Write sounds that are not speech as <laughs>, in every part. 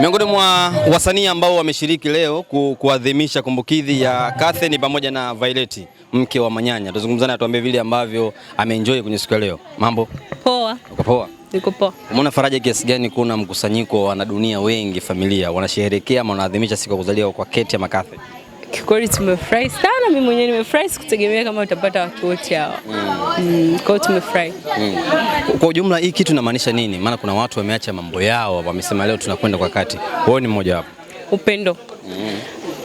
Miongoni mwa wasanii ambao wameshiriki leo ku, kuadhimisha kumbukizi ya Kathe ni pamoja na Violet mke wa Manyanya. Tuzungumzane atuambie vile ambavyo ameenjoy kwenye siku ya leo. Mambo poa? Uko poa? Niko poa. Umeona faraja kiasi gani kuna mkusanyiko wa wanadunia wengi familia wanasherehekea ama wanaadhimisha siku ya kuzaliwa kwa Kate ama Catherine? Kikweli tumefurahi sana, mimi mwenyewe nimefurahi, sikutegemea kama utapata watu wote hawa mm. Kwao tumefurahi mm. Kwa ujumla hii kitu inamaanisha nini? Maana kuna watu wameacha mambo yao, wamesema leo tunakwenda kwa kati. Wewe ni mmoja wapo, upendo mm.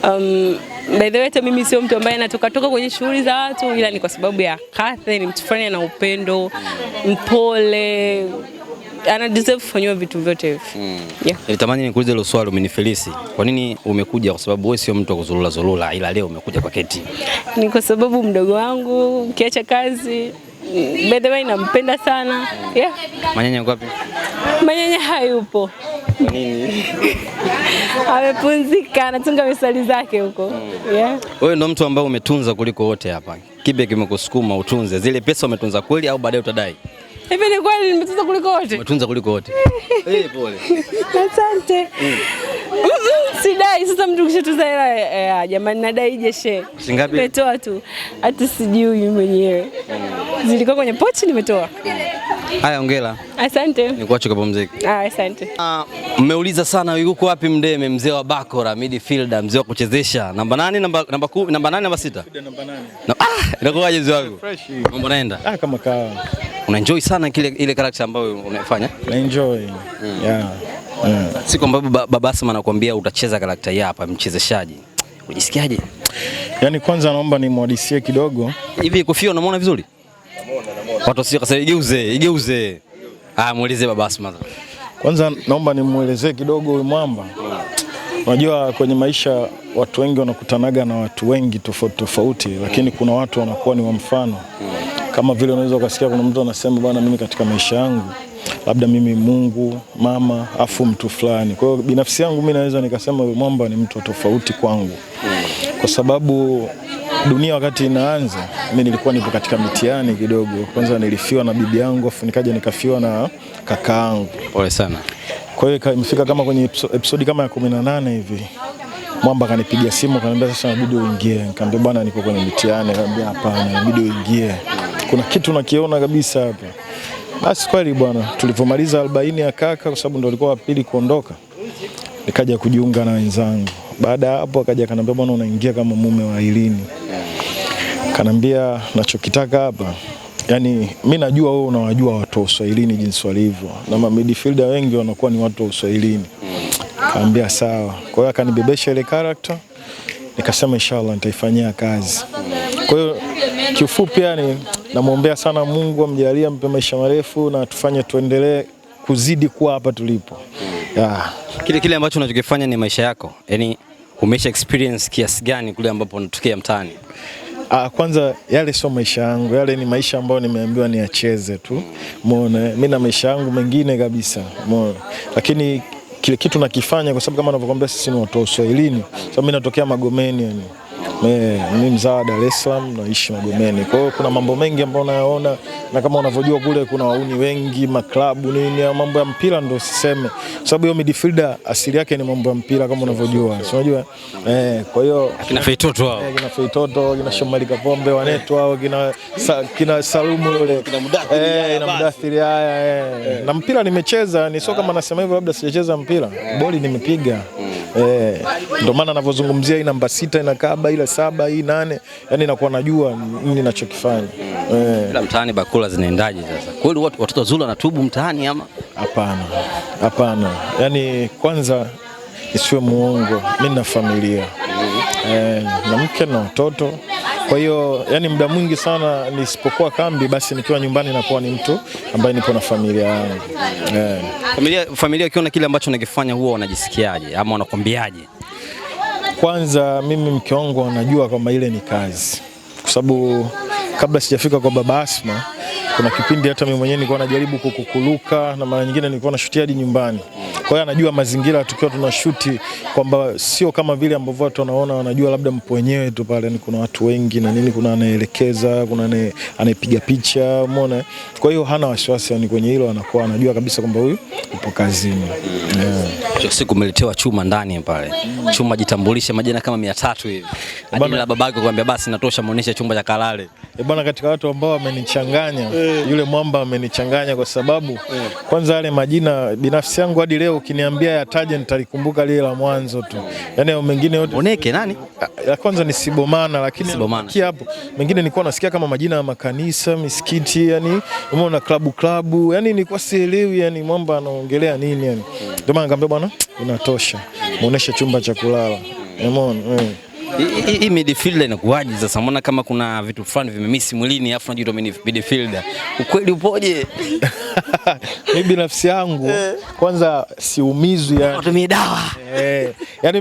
Um, by the way hata mimi sio mtu ambaye natokatoka kwenye shughuli za watu, ila ni kwa sababu ya Kathe, ni mtu fulani ana upendo mpole mm ana deserve kufanywa vitu vyote hivi. Mm. Yeah. Nilitamani nikuulize hilo swali umenifilisi. Kwa nini umekuja? Kwa sababu wewe sio mtu wa kuzulula zulula, ila leo umekuja kwa Keti. Ni kwa sababu mdogo wangu ukiacha kazi by the way nampenda sana. Yeah. Manyanya ngapi? Manyanya hayupo. Kwa nini? <laughs> Amepumzika, anatunga misali zake huko. Mm. Yeah. Wewe ndo mtu ambaye umetunza kuliko wote hapa. Kibe kimekusukuma utunze zile pesa, umetunza kweli au baadaye utadai? Hivi ni kweli nimetunza kuliko wote? Umetunza kuliko wote. Eh, pole. Asante. Mm. Sidai sasa mtu kishatuza hela eh, eh, jamani, nadai jeshe. Shingapi? Nimetoa tu. Hata sijui mwenyewe. Mm. Zilikuwa kwenye pochi nimetoa. Haya, hongera. Asante. Nikuache kupumzika. Ah, asante. Ah, Mmeuliza sana yuko wapi Mdeme, mzee wa bakora, midfielder, mzee wa kuchezesha. Namba nane, namba namba 10, namba 8, namba 6. Namba 8. Ah, inakuwaje mzee wangu? Fresh. Mambo naenda. Ah, kama kawa unaenjoy sana kile ile character ambayo unaifanya? Naenjoy. Mm. Yeah. Mm. Si kwamba Baba Asma anakuambia utacheza character hii hapa, mchezeshaji. Unajisikiaje? Yaani kwanza naomba nimwadisie kidogo. Hivi Kofia unamwona vizuri? Namuona, Watu sio kasema igeuze, igeuze. Ah, mueleze Baba Asma. Kwanza naomba nimuelezee kidogo huyu mwamba. Mm. Unajua kwenye maisha watu wengi wanakutanaga na watu wengi tofauti tofauti, lakini kuna watu wanakuwa ni wa mfano. Mm. Kama vile unaweza ukasikia kuna mtu anasema bwana, mimi katika maisha yangu labda mimi Mungu mama afu mtu fulani. Kwa hiyo binafsi yangu mimi naweza nikasema huyo mwamba ni mtu tofauti kwangu, kwa sababu dunia wakati inaanza, mimi nilikuwa nipo katika mitihani kidogo. Kwanza nilifiwa na bibi yangu, afu nikaja nikafiwa na kaka yangu. Pole sana. Kwa hiyo imefika kama kwenye episodi kama ya 18 hivi Mwamba akanipigia simu akaniambia, sasa inabidi uingie. Nikamwambia bwana, niko kwenye mitihani. Akaniambia hapana, inabidi uingie kuna kitu nakiona kabisa hapa. Basi kweli bwana, tulipomaliza arobaini ya kaka, kwa sababu ndo alikuwa wa pili kuondoka, nikaja kujiunga na wenzangu. Baada ya hapo akaja akanambia, bwana, unaingia kama mume wa Ailini. Kanambia nachokitaka hapa yani, mi najua wewe unawajua watu wa Uswahilini jinsi walivyo, na midfielder wengi wanakuwa ni watu wa Uswahilini. Kaambia sawa. Kwa hiyo akanibebesha ile character, nikasema inshallah nitaifanyia kazi. Kwa hiyo kiufupi yani Namwombea sana Mungu amjalie, ampe maisha marefu na tufanye tuendelee kuzidi kuwa hapa tulipo. Yeah. Kile kile ambacho unachokifanya ni maisha yako, yaani umesha experience kiasi gani kule ambapo unatokea mtaani? Ah, kwanza yale sio maisha yangu, yale ni maisha ambayo nimeambiwa niacheze tu, umeona. Mimi na maisha yangu mengine kabisa, umeona, lakini kile kitu nakifanya kwa sababu kama anavyokwambia sisi ni watu wa Uswahilini, sababu mimi natokea Magomeni yani. Mimi mzawa Dar es Salaam naishi Magomeni. Kwa hiyo kuna mambo mengi ambayo nayaona, na kama unavyojua kule kuna wauni wengi, maklabu nini, mambo ya mpira ndio siseme, sababu hiyo midfielder asili yake ni mambo ya mpira kama unavyojua, si unajua eh. Kwa hiyo kina Feitoto hao, eh, kina Feitoto, kina Shomari Kapombe, wanetu hao, kina sa, kina Salumu yule, kina Mudathiri, eh na Mudathiri haya, eh. Eh. na mpira nimecheza, ni sio kama nasema hivyo, labda sijacheza mpira, boli nimepiga mm eh, ndio maana ninavyozungumzia hii namba sita inakaa ile saba hii nane, yani nakuwa najua nini ninachokifanya. Eh, bila mtaani bakula zinaendaje sasa? Kweli watoto wazuri wanatubu mtaani ama hapana? Hapana, yani kwanza nisiwe muongo, mimi na familia mm-hmm. eh, na mke na watoto kwa hiyo yani, muda mwingi sana nisipokuwa kambi, basi nikiwa nyumbani nakuwa ni mtu ambaye nipo na familia yangu yeah. Familia, familia ukiona kile ambacho unakifanya huwa wanajisikiaje ama wanakwambiaje? Kwanza mimi mke wangu anajua kwamba ile ni kazi, kwa sababu kabla sijafika kwa baba Asma kuna kipindi hata mimi mwenyewe nilikuwa najaribu kukukuluka na mara nyingine nilikuwa nashuti hadi nyumbani. Kwa hiyo anajua mazingira tukiwa tunashuti kwamba sio kama vile ambavyo watu wanaona, wanajua labda mpo wenyewe tu pale, ni kuna watu wengi na nini, kuna anaelekeza, kuna anayepiga picha, umeona. Kwa hiyo hana wasiwasi yani kwenye hilo, anakuwa anajua kabisa kwamba huyu upo kazini. Yeah. Siku umeletewa chuma ndani pale, chuma jitambulishe, majina kama 300 hivi, hadi la babake kwambia basi natosha, muoneshe chumba cha kalale. E Bwana, katika watu ambao wamenichanganya e, yule mwamba amenichanganya kwa sababu e, kwanza yale majina binafsi yangu hadi leo ukiniambia yataje nitalikumbuka lile la mwanzo tu, yaani au mengine yote Moneke nani la kwanza ni Sibomana, lakini kia hapo mengine nilikuwa nasikia kama majina ya makanisa, misikiti, yani umeona klabu klabu, yani nilikuwa sielewi, yani mwamba anaongelea nini yani. Ndio maana nikamwambia bwana, inatosha, muoneshe chumba cha kulala, umeona hii midfielder inakuwaje sasa? Mbona kama kuna vitu fulani vimemisi mwilini afu unajua mimi midfielder. Ukweli upoje? <laughs> Mimi binafsi yangu eh. kwanza siumizwi yani. Natumia dawa. Eh.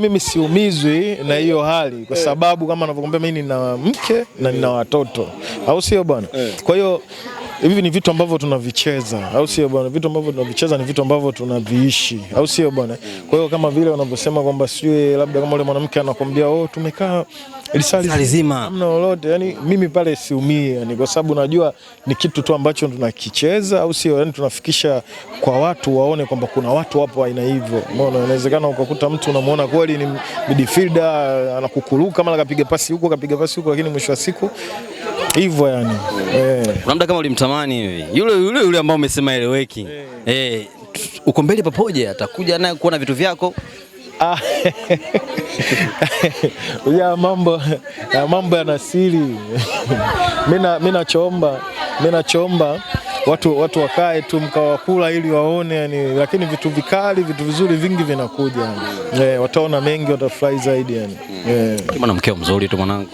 mimi siumizwi na hiyo eh. hali kwa eh. sababu kama ninavyokuambia mimi nina mke na nina watoto. Au sio bwana? Kwa hiyo hivi ni vitu ambavyo tunavicheza, au sio bwana? Vitu ambavyo tunavicheza ni vitu ambavyo tunaviishi, au sio bwana? Kwa hiyo kama vile wanavyosema kwamba sijui, labda kama yule mwanamke anakwambia oh, tumekaa lisali zima hamna lolote, yani mimi pale siumii, yani kwa sababu najua ni kitu tu ambacho tunakicheza, au sio? Yani tunafikisha kwa watu waone kwamba kuna watu wapo aina hivyo. Umeona, inawezekana ukakuta mtu unamuona kweli ni midfielder anakukuruka, kama kapiga pasi huko akapiga pasi huko, lakini mwisho wa siku hivyo yani. Eh. Kuna muda kama ulimtamani hivi. Yule yule yule ambao umesema eleweki. Eh. eh uko mbele papoja atakuja naye kuona vitu vyako. Ah. <laughs> ya mambo ya mambo yana siri. <laughs> Mimi nachoomba mimi nachoomba watu, watu wakae tu mkawakula ili waone yani, lakini vitu vikali vitu vizuri vingi vinakuja yani. Eh, wataona mengi watafurahi zaidi yani. Eh. E. mzuri tu mwanangu.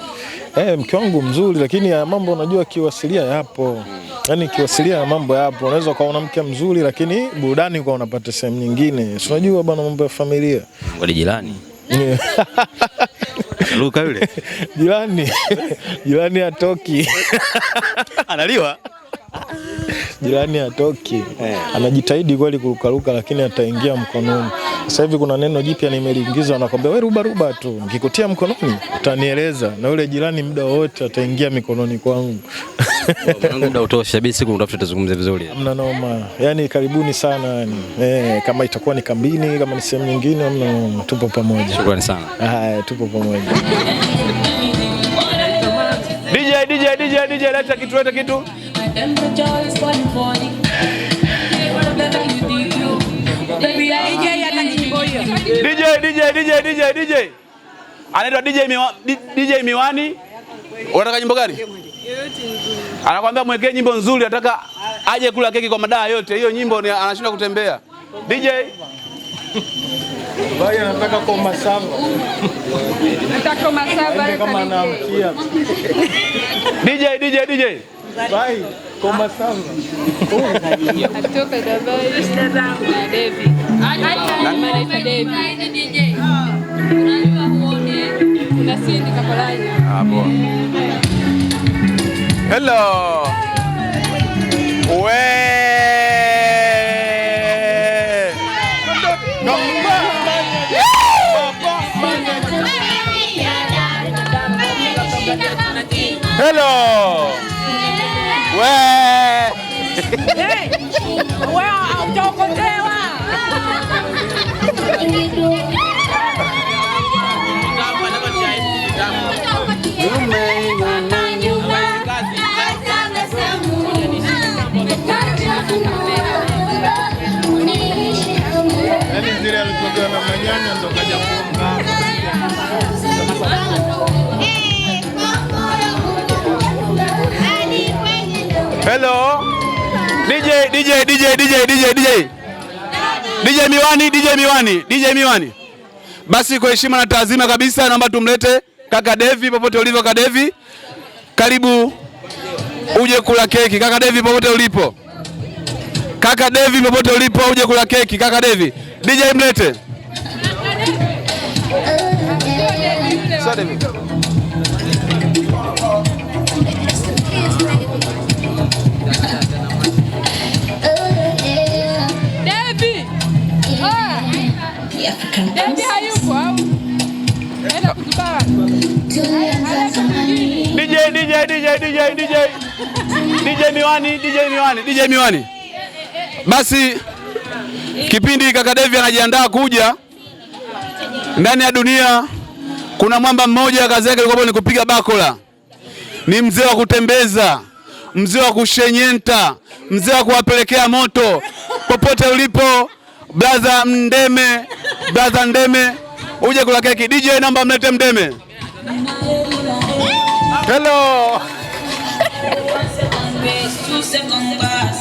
Eh, mke wangu mzuri, lakini ya mambo unajua kiwasilia yapo. Yaani kiwasilia ya mambo yapo. Unaweza ukaona mke mzuri lakini burudani kwa unapata sehemu nyingine. Si unajua bwana mambo ya familia. Wale jirani. <laughs> Luka yule. Jirani. <laughs> Jirani atoki. Analiwa. <laughs> jirani atoki eh. Anajitahidi kweli kurukaruka, lakini ataingia mkononi. Sasa hivi kuna neno jipya nimeliingiza, anakwambia we ruba ruba tu, nikikutia mkononi utanieleza, na yule jirani muda wote ataingia mikononi kwangu. Muda utosha, basi siku mtafuta tuzungumze vizuri. Hamna noma, yani karibuni sana yani. Eh, kama itakuwa ni kambini, kama ni sehemu nyingine, hamna noma, tupo pamoja. Shukrani sana. Haya, tupo pamoja. <laughs> DJ DJ DJ DJ, leta kitu, leta kitu. DJ, DJ, DJ, DJ, DJ. Anaitwa DJ Miwa, DJ Miwani. Unataka nyimbo gani? Anakwambia mwekee nyimbo nzuri, nataka aje kula keki kwa madaa yote. Hiyo nyimbo ni anashinda kutembea. DJ Baya anataka kwa masaba. Anataka kwa masaba. <laughs> DJ DJ DJ. Bye. Koma sana. Atoka Dubai. David. Anaitwa David. Unajua huone. Kuna sindi kapalanya. Ah, poa. Hello. We. Ngomba. Hello. Where? Where? Where? Hello. DJ DJ DJ DJ DJ DJ. DJ Miwani, DJ Miwani, DJ Miwani. Basi kwa heshima na taazima kabisa naomba tumlete kaka Devi popote ulivyo kaka Devi. Karibu uje kula keki kaka Devi popote ulipo. Kaka Devi popote ulipo uje kula keki kaka Devi. DJ mlete. Sasa Devi. Miwani, DJ Miwani, DJ Miwani. Basi kipindi kaka Devi anajiandaa kuja ndani ya dunia, kuna mwamba mmoja kazi yake ilikuwa ni kupiga bakola, ni mzee wa kutembeza, mzee wa kushenyenta, mzee wa kuwapelekea moto popote ulipo, brother Mdeme, brother Mdeme uje kula keki. DJ namba mlete Mdeme. Hello. seconds